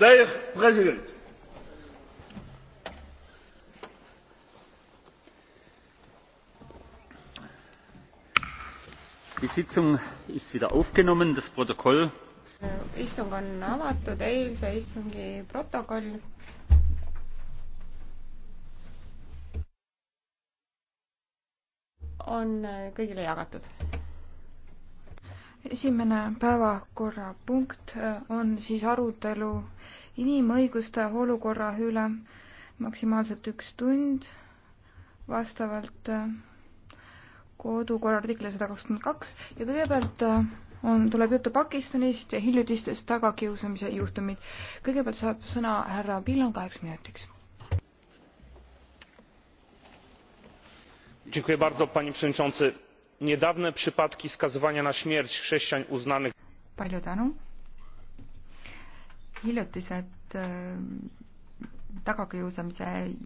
Dear President, Die Sitzung ist wieder aufgenommen. Das Protokoll. Äh, Istung on avatud, eilse istungi protokoll. on äh, kõigile jagatud esimene päevakorrapunkt äh, on siis arutelu inimõiguste olukorra üle maksimaalselt üks tund vastavalt äh, kodukorra artikli sada kakskümmend kaks ja kõigepealt äh, on, tuleb juttu Pakistanist ja hiljutistest tagakiusamise juhtumid. kõigepealt saab sõna härra Pillan kaheks minutiks. pani przewodniczący! niedawne przypadki skazywania na śmierć chrześcijan uznanych palju tänu. hiljutised ehm, tagakiusamise